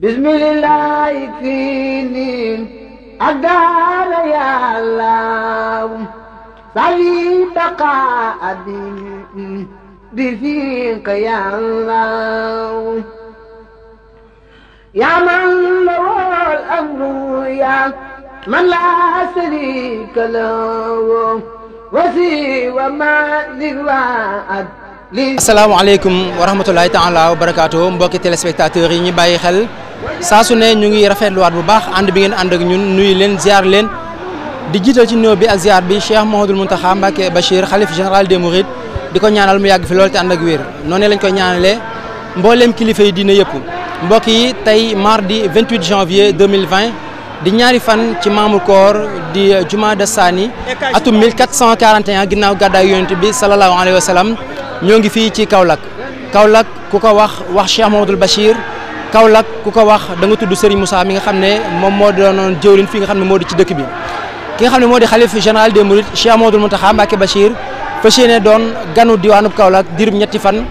bismillah fii nii ak daara yàllaaw sali baqa abi bi fiq yàllaaw yaa man lawal amru yaa man laa sharika lahu wasi wa ma liwaat asalaamaaleykum wa rahmatulahi taala wa barakaatu mbokki téléspectateurs yi ñu bàyyi xel saa su ne ñu ngi rafetluwaat bu baax ànd bi ngeen ànd ak ñun nuyu leen ziar leen di jiital ci néew bi ak ziar bi Cheikh Mouhamadoul Mountakha Mbacké Bachir xalif général des Mourides di ko ñaanal mu yàgg fi lool te ànd ak wér noonu lañ koy ñaanalee mbooleem kilifa yi diine yëpp mbokk yi tey mardi 28 janvier 2020 di ñaari fan ci maamu koor di juma de saani atum 1441 ginnaaw gàddaay yonent bi sallallahu alayhi wa sallam ñoo ngi fii ci Kaolack Kaolack ku ko wax wax Cheikh Mouhamadoul Kaolack ku ko wax da nga tudd Serigne Moussa mi nga xam ne moom moo doonoon jëwriñ fii nga xam ne moo di ci dëkk bi ki nga xam ne moo di xalif général des Mourides Cheikh Amadou Mountakha Mbacké Bachir fas yéene doon ganu diwaanub Kaolack diirub ñetti fan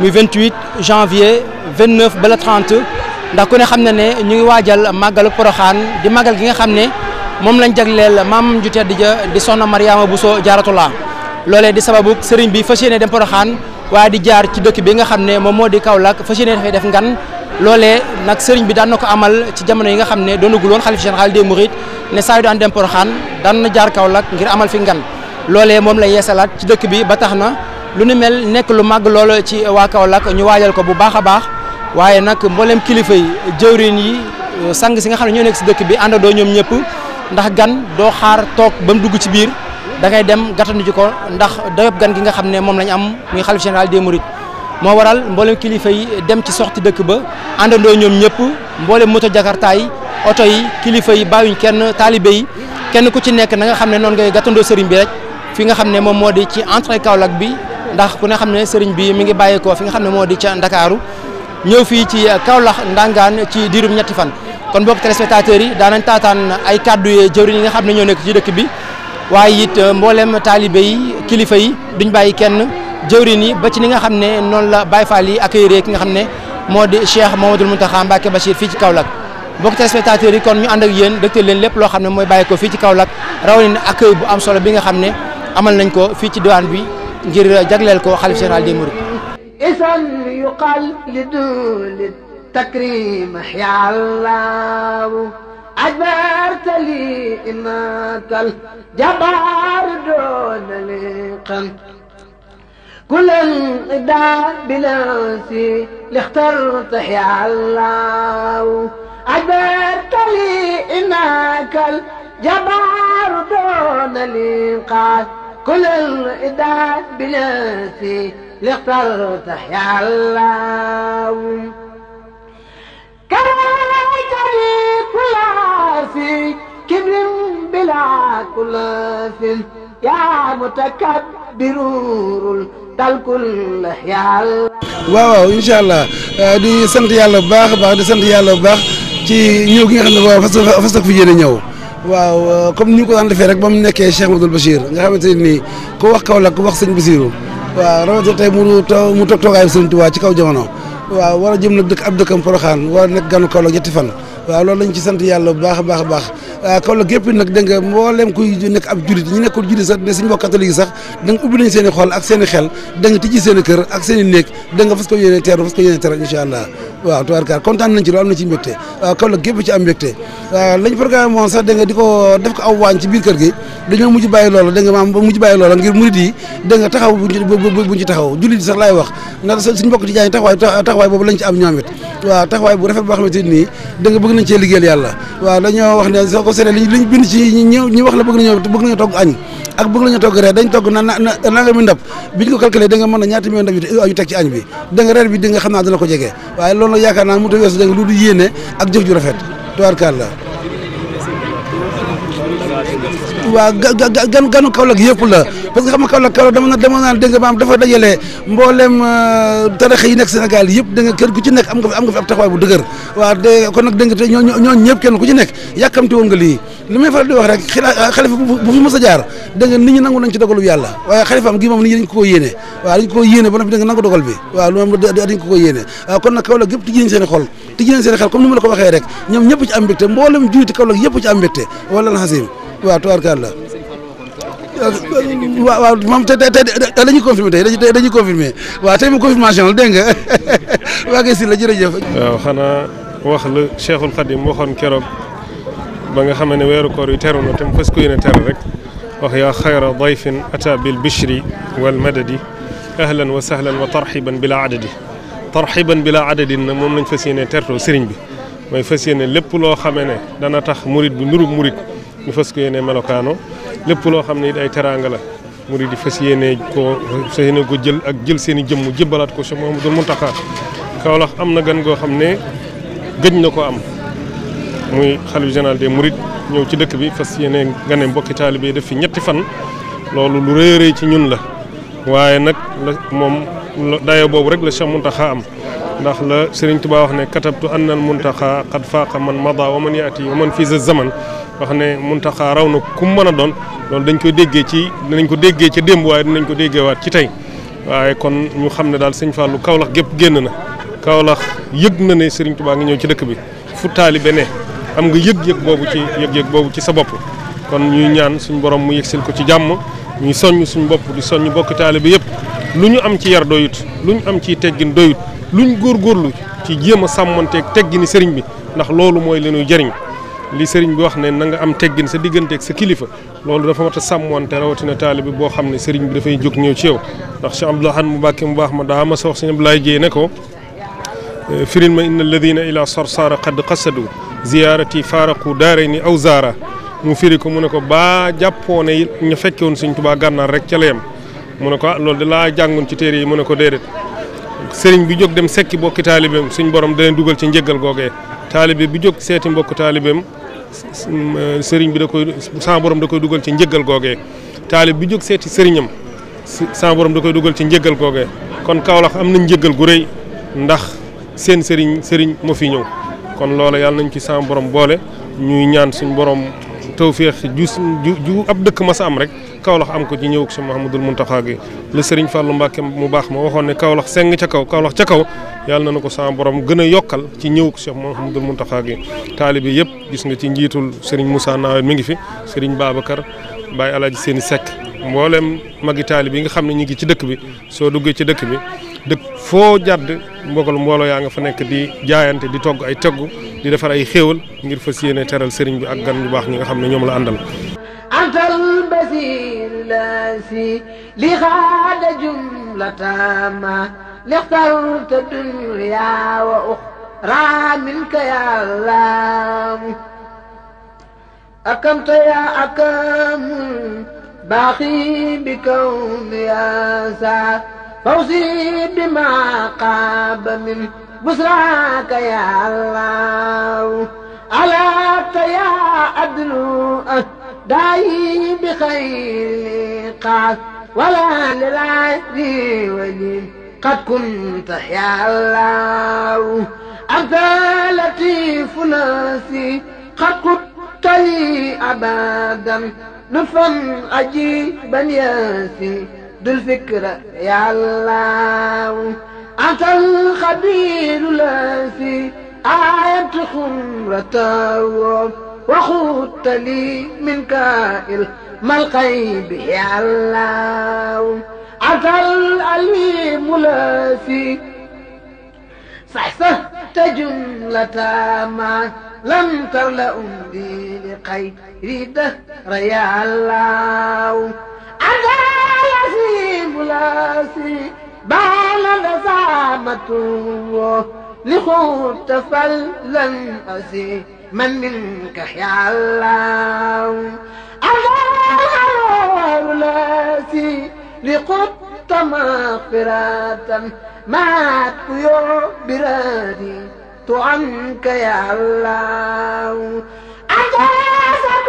muy 28 janvier 29 ba la 30 ndax ku ne xam ne ne ñu ngi waajal màggalu Poroxaan di maggal gi nga xam ne moom lañ jagleel maam ju tedd ja di soxna Mariama Bousso Jaaratullah loolee di sababu sëriñ bi fas yéene dem Poroxaan waaye di jaar ci dëkk bi nga xam ne moom moo di Kaolack fas yéene dafay def ngan loole nag sëriñ bi daan na ko amal ci jamono yi nga xam ne doonagul loon xalif général des mourides ne saa yu daan dem Poroxaan daan na jaar Kaolack ngir amal fi ngan loole moom la yeesalaat ci dëkk bi ba tax na lu ni mel nekk lu màgg lool ci waa Kaolack ñu waajal ko bu baax a baax waaye nag mboolem kilifa yi jëwriñ yi euh, sang si nga xam ne ñoo nekk si dëkk bi doo ñoom ñëpp ndax gan doo xaar toog ba mu dugg ci biir dangay dem gàttanu ji ko ndax d gan gi nga xam ne moom lañ am muy xalif général des moo waral mboolem kilifa yi dem ci sorti dëkk ba àndandoo ñoom ñëpp mboolem moto jakarta yi oto yi kilifa yi bàyyuñ kenn taalibe yi kenn ku ci nekk na nga xam ne noonu ngay gàttandoo sëriñ bi rek fi nga xam ne moom moo di ci entrée Kaolack bi ndax ku ne xam ne sëriñ bi mi ngi bàyyeekoo fi nga xam ne moo di ca Ndakaaru ñëw fii ci Kaolack ndangaan ci diirum ñetti fan kon mbokk téléspectateurs yi daanañ taataan ay kàddu yee jëwriñ yi nga xam ne ñoo nekk ci dëkk bi waaye it mboolem taalibe yi kilifa yi duñ bàyyi kenn jëwriñ yi ba ci ni nga xam ne noon la Baye Fall yi accueillir ki nga xam ne moo di Cheikh Mamadou Mountakha Mbacké Bachir fii ci Kaolack bokk téléspectateurs yi kon ñu ànd ak yéen dëgtal leen lépp loo xam ne mooy bàyyi ko fii ci Kaolack rawatina accueil bu am solo bi nga xam ne amal nañ ko fii ci diwaan bi ngir jagleel ko xalif général des mourides isan yuqal li duli ya Allah ajbarta li imakal jabar doona liqan كل الإبداع بنفسي اللي اخترته يا الله عجبت لي إنك الجبار دون الإنقاذ كل الإبداع بنفسي اللي اخترته يا الله كرهتني كل في كبر بلا كل يا متكبر waaw waaw incha allah euh, di sant yàlla bu baax a baax di sant yàlla bu baax ci ñëw gi nga xam ne waaw fas fas fi ñëw. waaw euh, comme ni ñu ko daan defee rek ba mu nekkee Cheikh Madoul Bachir nga xamante ne nii ku wax Kaolack ku wax sëñ Basiru waaw rawatina tey mu toog mu toog toogaayu sëñ waa ci kaw jamono. waaw war jëm nag dëkk ab dëkkam Poroxaan war a nekk ganu Kaolack ñetti fan waaw loolu lañ ci sant yàlla bu baax a baax a baax. Euh, Kaolack yëpp nag dégg nga mboolem kuy nekk ab jurit ñu nekkul jurit sax ne ubbi nañ seen xol ak seen xel da tijji seen kër ak seen néeg da nga fas ko yéene teeru am euh, euh, mujj bàyyi loolu ngir murid yi dégg taxaw buñ ci taxaw julit sax laay wax ndax mbokk tijaan taxawaay boobu lañ ci am ñoom it taxawaay bu rafet boo xamante nii da bëgg nañ cee liggéeyal yàlla waaw dañoo wax ne considéré li liñ bind ci ñi wax la bëgg nañoo bëgg nañoo togg añ ak bëgg nañoo togg reer dañ togg na na nga mi ndab bi ñu ko calculé da nga mën a ñaata million ndab yu teg ci añ bi da reer bi di xam naa dina ko jege waaye loolu nag yaakaar naa mu ta weesu da nga lu du yéene ak jëf ju rafet tubaarkàlla waa gan ganu Kaolack yëpp la parce que xam nga Kaolack Kaolack dama dama nga maam ci euh, nekk am nga kenn ku ci nekk yàkkamti ah, yàlla waaye xalifaam gi moom nit ñi dañ ko ko yéene waaw dañ ko ko bi waaw lu moom dañ ko ko yëpp ci am mbégte mboolem juuti Kaolack yëpp ci am mbégte wala na xasim waaw tubaarkàlla waaw waaw moom te te te dañuy confirmé tey dañuy confirmé waaw tey mu confirmation la dégg nga waa kay si la jërëjëf. waaw xanaa wax lu Cheikhul Khadim waxoon keroog ba nga xam ne weeru koor yi teru na te mu fas ko yéene ter rek wax yaa xayra dayfin ata bil bishri wal madadi ahlan wa sahlan wa tarxiban bila adadi tarxiban bila adadin na moom lañ fas yéene tertoo sëriñ bi mooy fas yéene lépp loo xamee ne dana tax murit bu nurub murit ñu fas ko yéene melokaano lépp loo xam ne it ay teraanga la murid yi fas yéene ko fas ko jël ak jël seeni i jëmm jëbbalaat ko Cheikh Mouhamadou Mountakha Kaolack am na gan goo xam ne gëj na ko am muy xalifa général des Mourides ñëw ci dëkk bi fas yéene gane mbokki taalibe def fi ñetti fan loolu lu rëy rëy ci ñun la waaye nag moom dayoo boobu rek la si Cheikh Mountakha am ndax la Sëriñ Tuubaa wax ne katabtu anna al muntaxa qad faaqa man mada wa man yaati wa man fii sa zaman wax ne muntaxa raw na ku mën a doon loolu dañ koy déggee ci dinañ ko déggee ca démb waaye dinañ ko déggeewaat ci tey waaye kon ñu xam ne daal sëñ lu Kaolack gépp génn na Kaolack yëg na ne Sëriñ Tuubaa ngi ñëw ci dëkk bi fu taalibe ne am nga yëg-yëg boobu ci yëg-yëg boobu ci sa bopp kon ñuy ñaan suñ borom mu yëgsil ko ci jàmm ñuy soññ suñ bopp di soññ bokk taalibe yëpp lu ñu am ci yar lu ñu am ci teggin doyut luñ góorgóorlu ci jéem a sàmmanteeg teggini sëriñ bi ndax loolu mooy leenu ñuy jëriñ li sëriñ bi wax ne na nga am teggin sa digganteeg sa kilifa loolu dafa mat a sàmmante rawatina taalibe boo xam ne sëriñ bi dafay jóg ñëw ci yow ndax Cheikh Abdoul mu bàkke mu baax ma daa ma sox Sëriñ Abdoulaye Dieye ne ko firin ma inna alladina ila sarsara qad qasadu ziyaarati faaraqu daarayni aw zaara mu firi ko mu ne ko baa jàppoo ne ñu fekkewoon Sëriñ Tuubaa gànnaar rek ca la yem mu ne ko ah loolu de laa jàngoon ci téere yi mu ne ko déedéet sëriñ bi jóg dem sekki bokki taalibeem suñ borom da dugal ci njëggal googee taalibe bi jóg seeti mbokk taalibeem sëriñ bi da koy sa da koy dugal ci njëggal googee taalib bi jóg seeti sëriñam sa da koy dugal ci njëggal googee kon Kaolack am na njëggal gu rëy ndax seen sëriñ sëriñ moo fi ñëw kon loola yàlla nañu ci sa borom boole ñuy ñaan suñ borom tawféex ju ju ab dëkk ma am rek Kaolack am ko ci ñëw si Mouhamadul Mountakha gi la Serigne Fallou Mbacke mu baax ma waxoon ne Kaolack seng ca kaw Kaolack ca kaw yàlla na na ko sama borom gën a yokkal ci ñëw si Mouhamadul Mountakha gi taalibe yëpp gis nga ci njiitul Serigne Moussa Nawel mi ngi fi Serigne Babacar Baye Alaaji Seeni Seck mbooleem magi taalibe yi nga xam ne ñu ngi ci dëkk bi soo duggee ci dëkk bi dëkk foo jàdd mbogal mbooloo yaa nga fa nekk di jaayante di togg ay teggu di defar ay xéewal ngir fas yéene teral sëriñ bi ak gan ñu baax ñi nga xam ne ñoom la àndal الوزير لاسي لغاد جملة ما لاخترت الدنيا وأخرى منك يا الله أكمت يا أكم باقي بكون يا سعد فوزي بما قاب من بسراك يا الله على يا أدلو أه داعي بخير قاس ولا للعزي ولي قد كنت يا الله أنت لطيف ناسي قد كنت لي أبدا لطفا عجيبا ياسي ذو الفكرة يا الله أنت الخبير الذي أعدت خمرته وخط لي من كائل ما القيب يا الله عفى الأليم لافي صحصحت جملة ما لم تملأ لي لخير دهر يا الله عفى الأليم لافي بان نزامته لخوت فلن أسير من منك يا الله الله لاسي لقط مغفرة معك يا برادي تعنك يا الله أجازك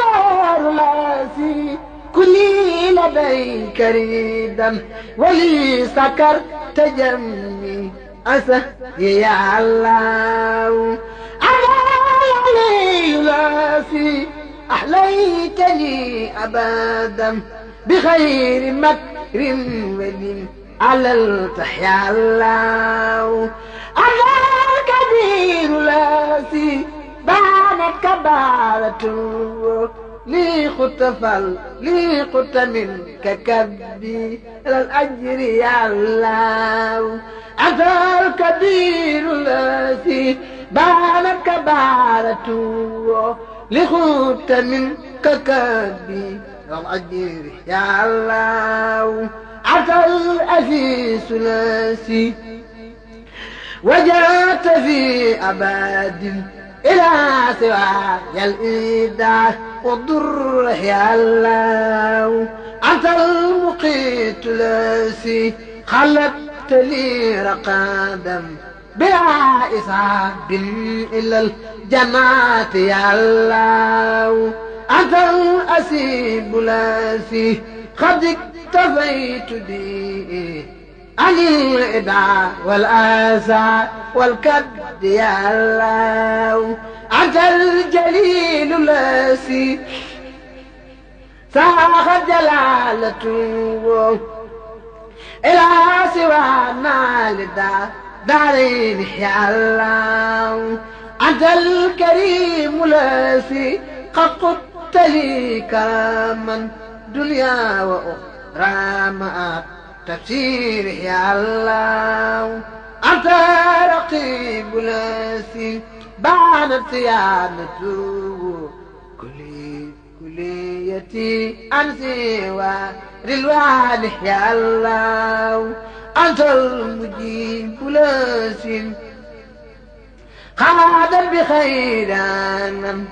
لاسي كلي لديك ريدا ولي سكر تجمي أسه يا الله الوافي أحليت لي أبدا بخير مكر ودين على التحيا الله أنا الكبير لاسي بانت كبارة لي خطفل لي خط منك كبي الأجر يا الله أنت الكبير الذي بانت كبارة لخبت من ككبي العجير يا الله عسى الأسيس ناسي وجاءت في أباد إلى سواي الإيداع والضر يا الله أنت المقيت لاسي خلقت لي رقادا بلا إصاب إلى الجنات يا الله أنت الأسيب الذي قد اكتفيت به عن الإدعاء والآسى والكد يا الله أنت الجليل الذي ساخ جلالته إلى سوى ما لدى دعيني يا الله أنت الكريم الذي قد قدت لي كراما دنيا وأخرى مع تفسير يا الله أنت رقيب الذي بعنت يا نتوب كلي كليتي أنسي ورلوان يا الله أنت المجيب لاسم خلادا بخيران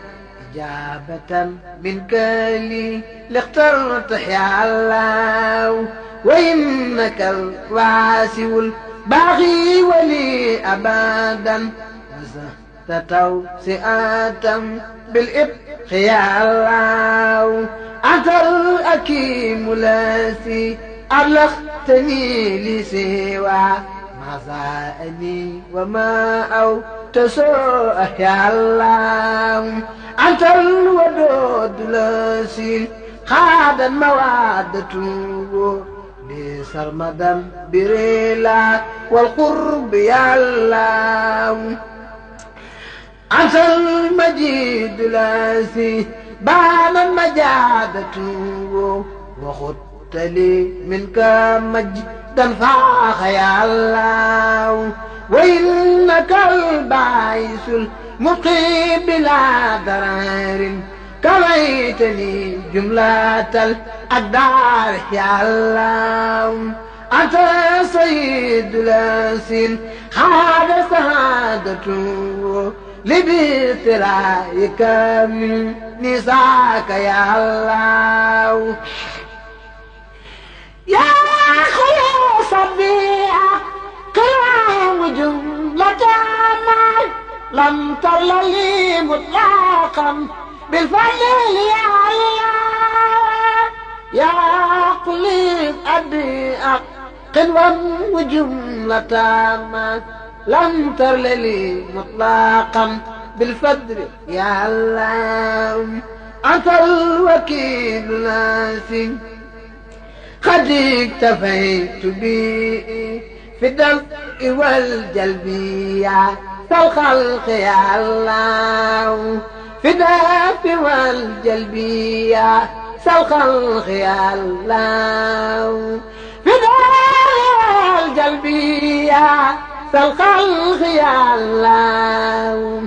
إجابة من كلي لاخترت يا الله وإنك الواسع الباغي ولي أبدا وزهت توسئة بالإبق يا الله أنت الأكيم لاسي أبلغتني لسوى مضاني وما أو تسوء يا الله أنت الودود لسيل قاد المواد سرمدا بريلا والقرب يا الله عسى المجيد لاسي بان المجادة وخد تبتلي منك مجدا فاخ يا الله وإنك البعيس المقي بلا ضرر كويتني جملة الأدار يا الله أنت سيد الأسين هذا سعادته لبثرائك من نساك يا الله يا خير صبيعة كلام جملة ما لم تر لي مطلقا بالفضل يا الله يا قليل أبي قلوا وجملة ما لم تر لي مطلقا بالفضل يا الله أنت الوكيل ناسي قد اكتفيت بي في الدفء والجلبية فالخلق يا الله في الدفء والجلبية فالخلق يا الله في الدفء والجلبية فالخلق يا الله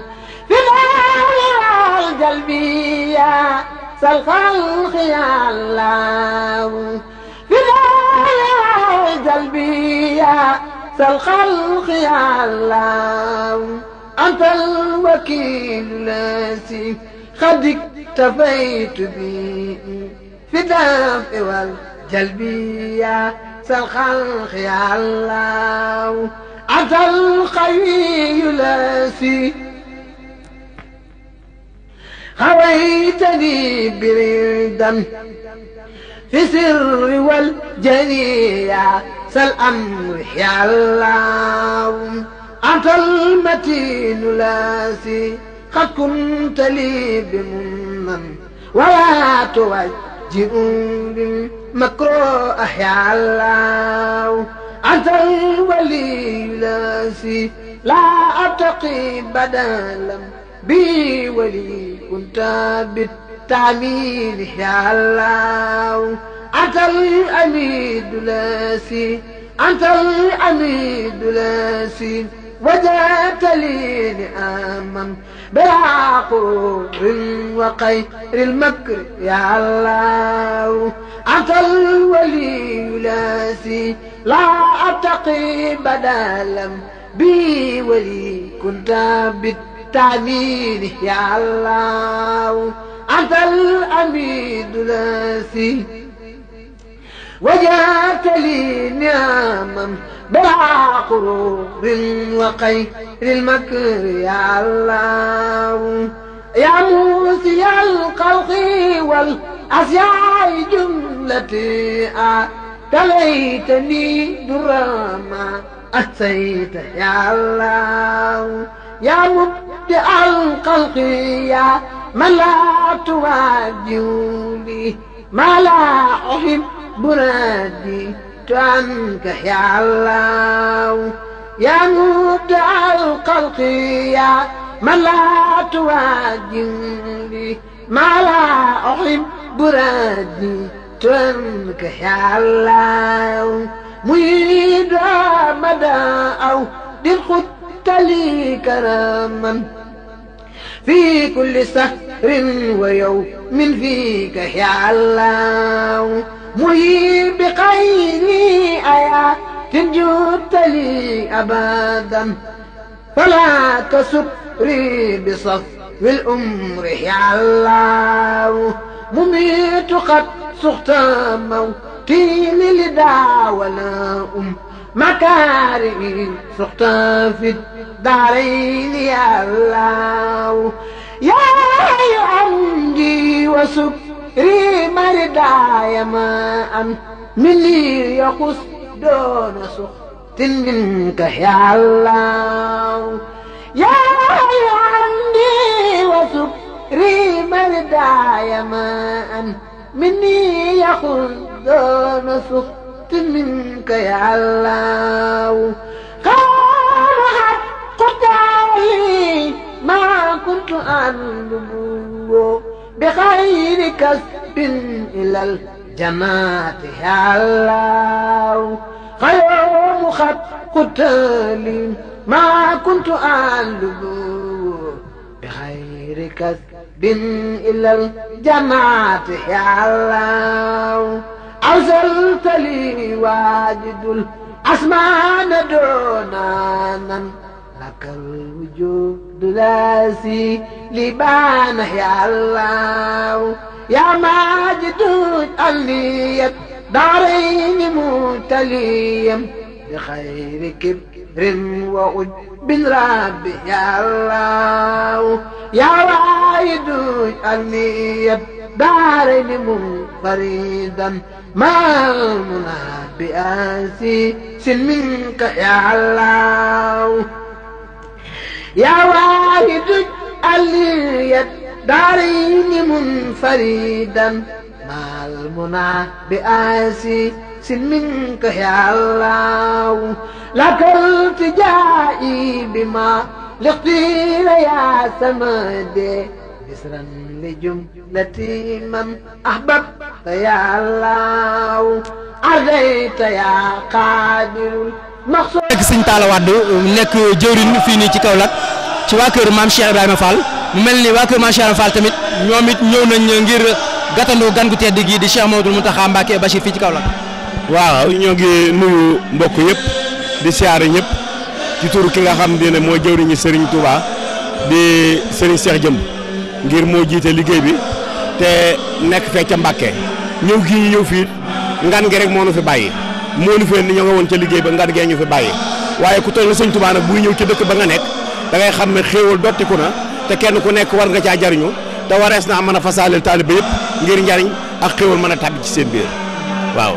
في الدفء والجلبية فالخلق يا الله تلبيا سالخلق يا علام أنت الوكيل الذي قد اكتفيت به في الدفع والجلبية سالخلق يا الله أنت القوي الذي هويتني بردا في سر والجنية سالأمر يا الله أنت المتين لاسي قد كنت لي بمنن ولا توجئ بمكروه يا الله أنت الولي لاسي لا أتقي بدلا بي ولي كنت بت التعبيد يا الله أنت الأميد لاسي أنت الأميد لاسي وجعت لي نعما بلا قرور وقير المكر يا الله أنت الولي لاسي لا أتقي بدلا بي ولي كنت بالتعبير يا الله أنت الأميد لاسي وجاك لي نعما بلا قروب وقير المكر يا الله يا موسي القلق والأسياء جملتي تليتني دراما أتيت يا الله يا مبدع القلق يا ما لا تواجهني ما لا أحب بنادي عنك يا الله يا مبدع الخلق يا من لا تواجهني ما لا أحب بنادي عنك يا الله مريد مدى أو دل خدت لي كرما في كل سهل rin ويوم فيك يا الله محيي بخير آيات جدت لي أبدا فلا تسري بصفو الأمر يا الله مميت قد سخت موتي للدى ولا أم مكارمي سخت في الدارين يا الله يا عمدي وسكري مرضاي ما أن مني يقص دون سخط منك يا الله يا عمدي وسكري مرضاي ما أن مني يقص دون سخط منك يا الله قال حق تعالي ما عن نمو بغير كسب إلى الجنات يا الله غير مخط قتال ما كنت أعلم بغير كسب إلى الجنات يا الله أرسلت لي واجد الأسمان دونانا لك الوجود لاسي لبان يا الله يا ماجد عليا دارين متليم بخير كبر وعد بن ربي يا الله يا وايد عليا دارين منفردا ما المنى بآسي سن منك يا الله يا واحد اليد دارين منفردا مع المنى بآسي سن منك يا الله لك التجائي بما لقيل يا سمد بسرا لجملتي من أحببت يا الله عزيت يا قادر nekk sëñ Talla Wade nekk jëwriñ fii nii ci kaw Kaolack ci waa kër maam Cheikh Ibrahima Fall mu mel ni waa kër maam Cheikh Ibrahima Fall tamit ñoom it ñëw nañ ngir gàttandu gan gu tedd gi di Cheikh Mamadou Mountakha Mbacké Bachir fii ci Kaolack. waaw ñoo ngi nuyu mbokk yëpp di siyaare ñëpp ci turu ki nga xam ne mooy jëwriñu Serigne Touba di Serigne Cheikh Jëmb ngir moo jiite liggéey bi te nekk fee ca Mbacké ñëw gi ñu ñëw fii ngan gi rek moo nu fi bàyyi. moo ñu fee ni ñoo nga woon ca liggéey ba nga gee ñu fi bàyyi waaye ku toll na sëñ Tuubaa nag buy ñëw ci dëkk ba nga nekk dangay xam ne xéewal dottiku na te kenn ku nekk war nga caa jariñu te warees naa mën a fasaaleel taalibe yëpp ngir njariñ ak xéewal mën a tàbbi ci seen biir waaw.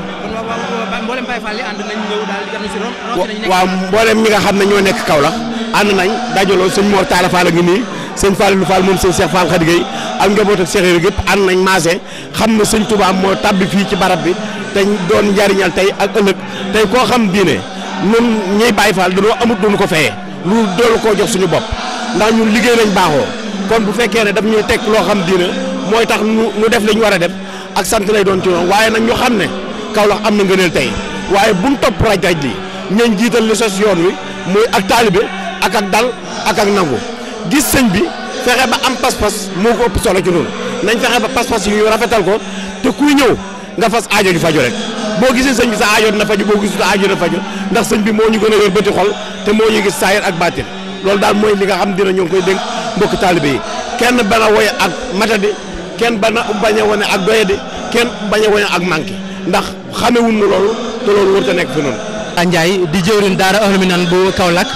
waaw mboolem ñi nga xam ne ñoo nekk Kaolack ànd nañ dajaloo sëñ Mor Talla Fall a ngi nii sëñ Fallou Fall moom sëñ Cheikh Fall Khady Gueye ak njaboot ak Cheikh yooyu yëpp ànd nañ maase xam ne sëñ Tuubaa moo tàbbi fii ci barab bi te doon njariñal tey ak ëllëg tey koo xam diine ñun ñiy Baay Faal dañoo amut duñu ko fayee lu doolu koo jox suñu bopp ndax ñun liggéey lañ baaxoo kon bu fekkee ne daf ñuy teg loo xam diine mooy tax ñu def li ñu war a def ak sant lay doon ci noonu waaye nañ ñu xam ne Kaolack am na ngëneel tey waaye buñ topp raj raj li ñañ jiital li sos yoon wi muy ak taalibe ak ak dal ak ak nangu gis sëñ bi fexe ba am pas-pas moo ko ëpp solo ci noonu nañ fexe ba yi rafetal ko te kuy ñëw nga fas ajo ju faju rek boo gisee sëñ bi sa aajo na faju boo gisut aajo dina faju ndax sëñ bi moo ñu gën a yor bëti xol te moo ñu gis saayir ak baatin loolu daal mooy li nga xam dina ñoo ngi koy dénk mbokki taalibe yi kenn bana woy ak matadi kenn bana bañ a wane ak doyadi kenn bañ a wane ak manqué ndax xamewun nu loolu te loolu warut a nekk fi noonu Ndiaye di jëwriñ daara Ahlul Minan bu Kaolack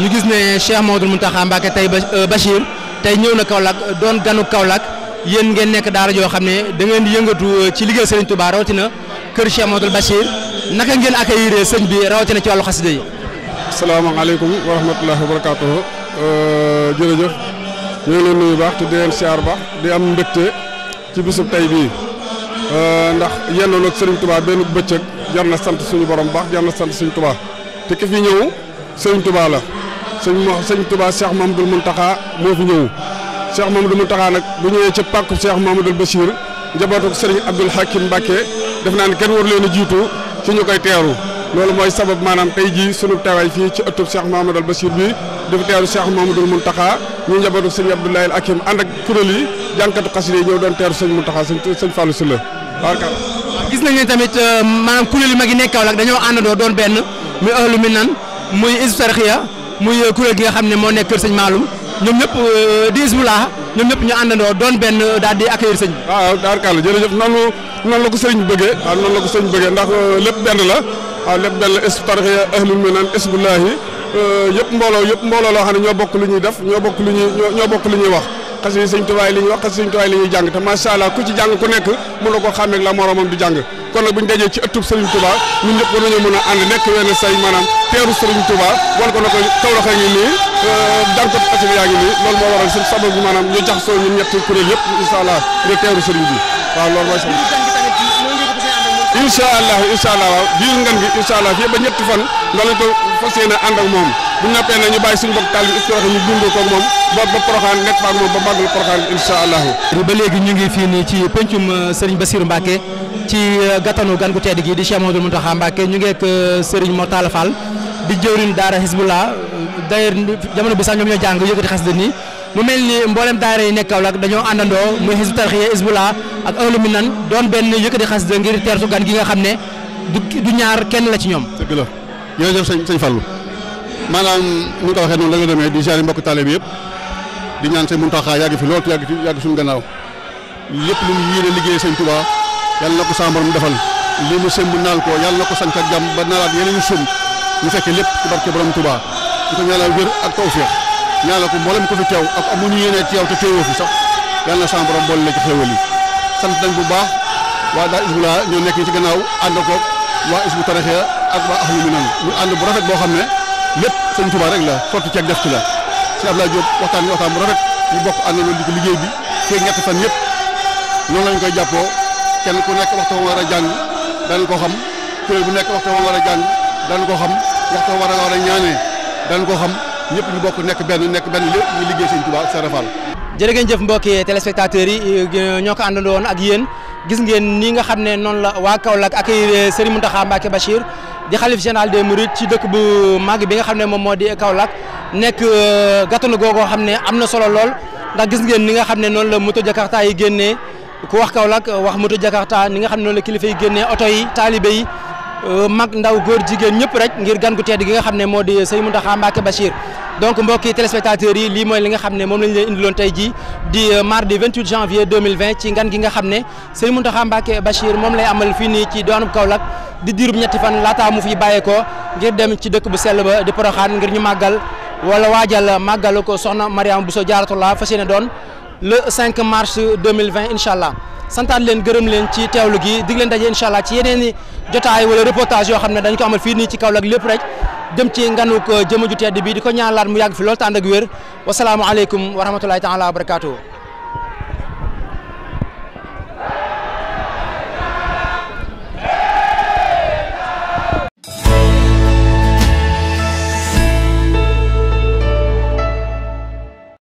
ñu gis ne Cheikh Mamadou Mountakha Mbacké tey euh, Bachir tey ñëw na Kaolack doon ganu Kaolack yéen ngeen nekk daara joo xam ne da ngeen di yëngatu euh, ci liggéey Serigne Touba rawatina kër Cheikh Amadou Bachir naka ngeen accueillir euh, sëñ bi rawatina ci wàllu xasida yi. salaamaaleykum wa rahmatulah wa barakaatu euh, jërëjëf ñu ngi leen nuyu baax te di leen siyaar baax di am mbégte ci bisub tey bii ndax yéen nag Serigne tubaa benn bëccëg jar na sant suñu borom baax jar na sant suñu Touba te ki fi ñëw Serigne tubaa la sëñ ma sëñ Touba Cheikh Mamadou Mountakha moo fi ñëw. Cheikh Mamadou Mountakha nag bu ñëwee ci pàkku Cheikh Mamadou Bachir njabootu Serigne Abdoul Hakim Mbacke def naa ne kenn war leen a jiitu ci ñu koy teeru loolu mooy sabab maanaam tey jii sunu teewaay fii ci ëttub Cheikh Mamadou Bachir bi dafa teeru Cheikh Mamadou Mountakha ñu njabootu Serigne Abdoulaye Hakim ànd ak kuréel yi jànkatu xasida yi ñëw doon teeru Serigne Mountakha Serigne Fallou Sylla gis nañu tamit euh, maanaam kuréel yu mag yi nekk Kaolack dañoo àndandoo doon benn muy ahlu minan muy istarxiya euh, ne moo nekk kër sëñ ñoom ñëpp euh, di Hizbullah ñoom ñëpp ñu àndandoo doon benn daal di accueillir sëñ bi. Ah, waaw daar kàlla jërëjëf noonu noonu la ko sëriñ bëggee waaw ah, noonu la ko sëriñ bëggee ndax euh, lépp benn la waaw ah, lépp benn la isbu tarxiya ahlul minan Hizbullah yi euh, yëpp mbooloo yëpp mbooloo loo xam ne ñoo bokk lu ñuy def ñoo bokk lu ñuy ñoo bokk lu wax xas yi sëñ tubaay li ñuy wax xas sëñ tubaay li ñuy jàng te macha allah ku ci jàng ku nekk mën na koo xàmmeeg la moromam di jàng kon nag bu ñu dajee Euh, dar ko asib yaa ngi nii loolu moo waral seen sabab bi maanaam ñu jaxasoo ñun ñetti kuréel yëpp incha allah rek teeru sëriñ bi waaw loolu mooy sabab ba ñetti fan loolu moom bu ñappee na ñu bàyyi suñu bokk taal bi moom ba ba poroxaan nekk faak moom ba ñu ngi fii nii ci pencum euh, sëriñ Bassirou Mbacké ci euh, gattanu gan gu tedd gi di Cheikh Mouhamadou Mountakha Mbacké ñu ngeek sëriñ Mortala Fall di jëwriñ daara Hizbullah d'ailleurs jamono bi sax ñoom ñoo jàng yëkkati xasida nii mu mel ni mboolem daayira yi nekk Kaolack dañoo àndandoo muy Hizbut Tarqiyyah Hizbullah ak Ahlu Minan doon benn yëkkati xasida ngir teertu gan gi nga xam ne du ñaar kenn la ci ñoom. dëgg la jërëjëf sëñ sëñ Fallou maanaam ni ko waxee noonu la nga demee di ziare mbokk taalibe bi yëpp di ñaan sëñ Muntaxa yàgg fi lool yàgg fi yàgg suñu gannaaw lépp lu mu yéene liggéey sëñ Tuubaa yàlla na ko sa borom defal li mu sëmb naal ko yàlla na ko sant ba naalaat yeneen ñu sum ñu fekkee lépp di ko ñaanal wér ak tawféex ñaanal ko mboolem ko fi teew ak ñu yéene teew te teewoo fi sax yàlla na sama borom boole la ci xéewal yi sant nañ bu baax waa daal isbulaa ñoo nekk ci gannaaw ànd ko waa isbu taraxee ak mu ahlu nan ñu ànd bu rafet boo xam ne lépp sëñ Tuubaa rek la sotti ceeg def ci la si Abdoulaye Diop waxtaan ni waxtaan bu rafet ñu bokk ànd nañ di ko liggéey bi fii ñetti fan yëpp noonu lañ koy jàppoo kenn ku nekk waxtu war a jàng daan ko xam kuréel bu nekk waxtu war a jàng daan ko xam waxtu war a war dañ ko xam ñëpp ñu bokk nekk benn nekk benn lépp ñu liggéey sëñ Tuubaa Sëriñ Faal jërë ngeen jëf mbokki yi euh, ñoo ko àndandoo woon ak yéen gis ngeen ni nga xam ne noonu la waa Kaolack ak euh, Serigne Mountakha Mbacké Bachir di xalif général des ci dëkk bu mag bi nga xam ne moom moo di Kaolack nekk euh, gàttanu googoo xam ne am na solo lool ndax gis ngeen ni nga xam ne noonu la moto Jakarta yi génnee ku wax Kaolack wax moto Jakarta ni nga xam ne noonu la kilifa yi génnee oto yi taalibe Euh, mag ndaw góor jigéen ñëpp rek ngir gan gu tedd gi nga xam ne moo di sëñ Mountakha Mbacké Bachir donc mbokki téléspectateurs yi lii mooy li nga xam ne moom lañ leen indiloon tey jii di euh, mardi 28 janvier 2020 ci ngan gi nga xam ne sëñ Mountakha Mbacké Bachir moom lay amal fii nii ci doonub Kaolack di diirub ñetti fan laataa mu fi bàyyeekoo ngir dem ci dëkk bu sell ba di Poroxaan ngir ñu màggal wala waajal màggalu ko soxna bu Mariama Bousso laa fas yéene doon le 5 mars 2020 incha allah santaat leen gërëm leen ci teewlu gi dig leen daje incha allah ci yeneen i jotaay wala reportage yoo xam ne dañ ko ama fii nii ci Kaolack lépp rek jëm ci nganuk jëma ju tedd bi di ko ñaanalaat mu yàgg fi lool tànd ak wér wasalaamualeykum wa rahmatulahi taala wa barakaatu.